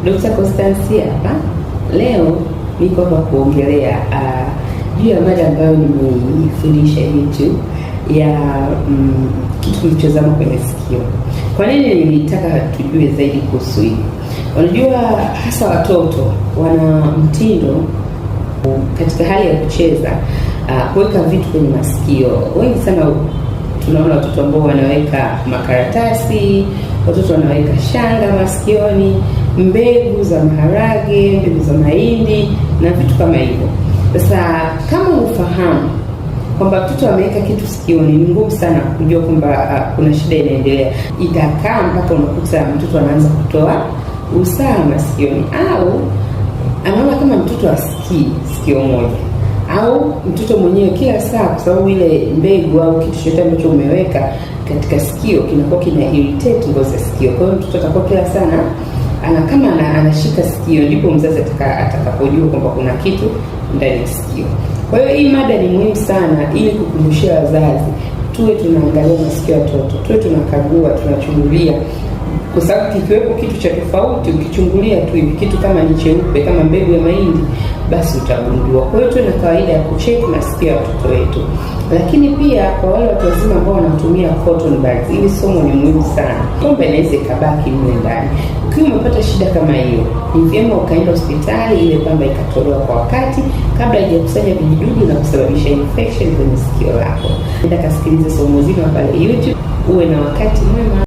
Dr. Constantia hapa leo niko hapa kuongelea uh, juu ya mada ambayo nimeifundisha hivi ya mm, kitu kilichozama kwenye sikio. Kwa nini nilitaka tujue zaidi kuhusu hii? Unajua, hasa watoto wana mtindo katika hali ya kucheza uh, kuweka vitu kwenye masikio. Wengi sana tunaona watoto ambao wanaweka makaratasi, watoto wanaweka shanga masikioni mbegu za maharage, mbegu za mahindi na vitu kama hivyo. Sasa kama ufahamu kwamba mtoto ameweka kitu sikioni, ni ngumu sana kujua kwamba uh, kuna shida inaendelea. Itakaa mpaka unakuta mtoto anaanza kutoa usaha masikioni, au anaona kama mtoto asikii sikio moja, au mtoto mwenyewe kila saa, kwa sababu ile mbegu au kitu chochote ambacho umeweka katika sikio kinakuwa kina irritate ngozi ya sikio. Kwa hiyo mtoto atakuwa kila sana ana kama ana, anashika sikio, ndipo mzazi atakapojua kwamba kuna kitu ndani ya sikio. Kwa hiyo hii mada ni muhimu sana, ili kukumbushia wazazi tuwe tunaangalia masikio ya watoto, tuwe tunakagua, tunachungulia kwa sababu kikiwepo kitu cha tofauti, ukichungulia tu hivi kitu kama ni cheupe kama mbegu ya mahindi, basi utagundua. Kwa hiyo tuwe na kawaida ya kucheki masikio ya watoto wetu, lakini pia kwa wale watu wazima ambao wanatumia cotton buds, ili somo ni muhimu sana. Kombe inaweza ikabaki mle ndani, ukiwa umepata shida kama hiyo, ni vyema ukaenda hospitali ile pamba ikatolewa kwa wakati, kabla haijakusanya vijidudu na kusababisha infection kwenye sikio lako. Enda kasikiliza somo zima pale YouTube. Uwe na wakati mwema.